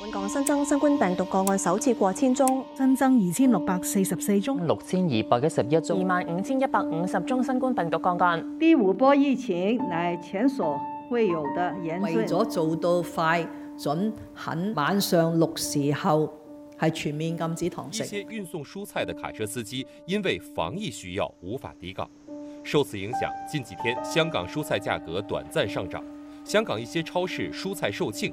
本港新增新冠病毒個案首次過千宗，新增二千六百四十四宗，六千二百一十一宗，二萬五千一百五十宗新冠病毒個案。第五波疫情乃前所未有的嚴峻。為咗做到快、準、狠，晚上六時後係全面禁止堂食。一些運送蔬菜的卡車司機因為防疫需要無法抵港，受此影響，近幾天香港蔬菜價格短暫上漲，香港一些超市蔬菜售罄。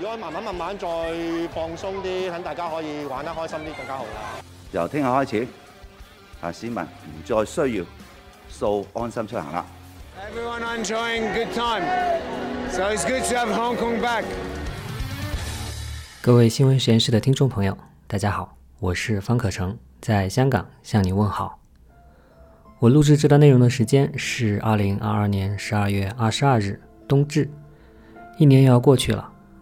如果慢慢慢慢再放鬆啲，等大家可以玩得開心啲，更加好啦。由聽日開始，啊，市民唔再需要掃、so, 安心出行啦。Everyone enjoying good time. So it's good to have Hong Kong back. 各位新聞實驗室的聽眾朋友，大家好，我是方可成，在香港向你問好。我錄製這段內容的時間是二零二二年十二月二十二日，冬至，一年又要過去了。